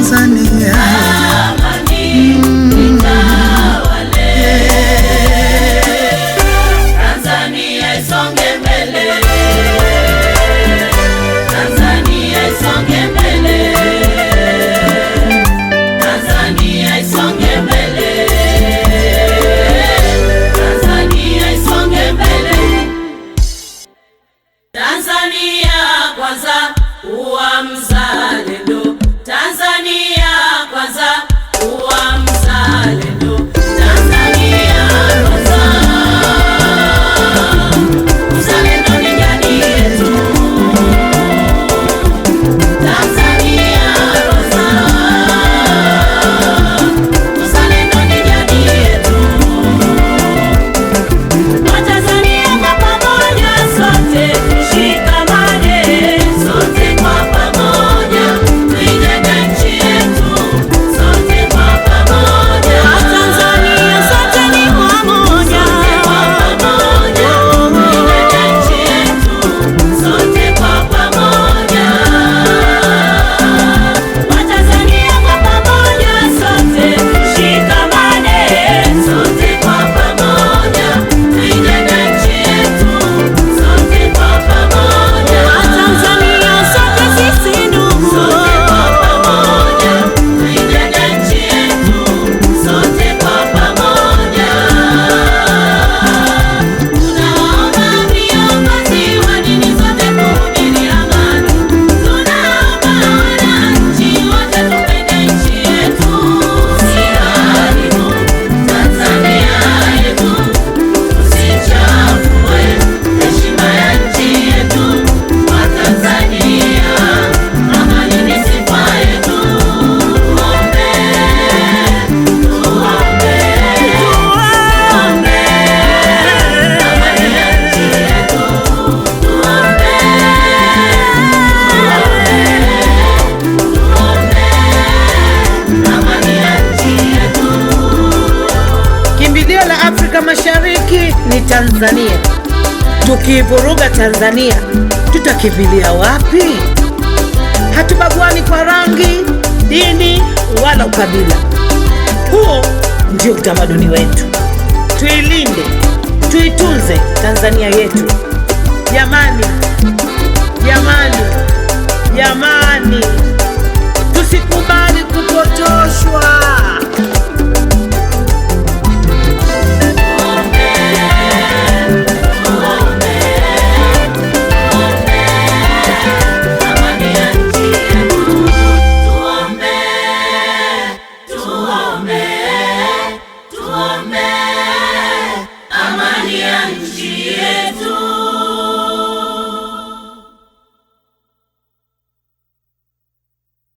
Tanzania ni Tanzania. Tukivuruga Tanzania tutakivilia wapi? Hatubaguani kwa rangi, dini wala ukabila. Huo ndio utamaduni wetu. Tuilinde, tuitunze Tanzania yetu jamani, jamani, jamani.